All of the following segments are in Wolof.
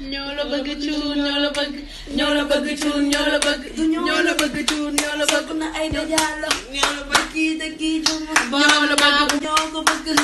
ñoo la bëgg cuun ñoo la bëgg ñoo la bëgg cuun ñoo la bëgg ñoo la bëgg cuun ñoo la bëgg na ay dajaalo ñoo la bëgg kii de kii ñoo la bëgg ñoo ko bëgg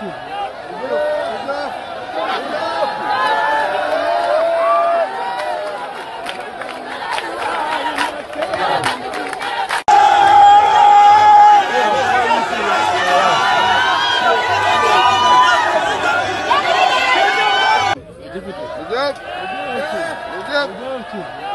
Akil. Thank you.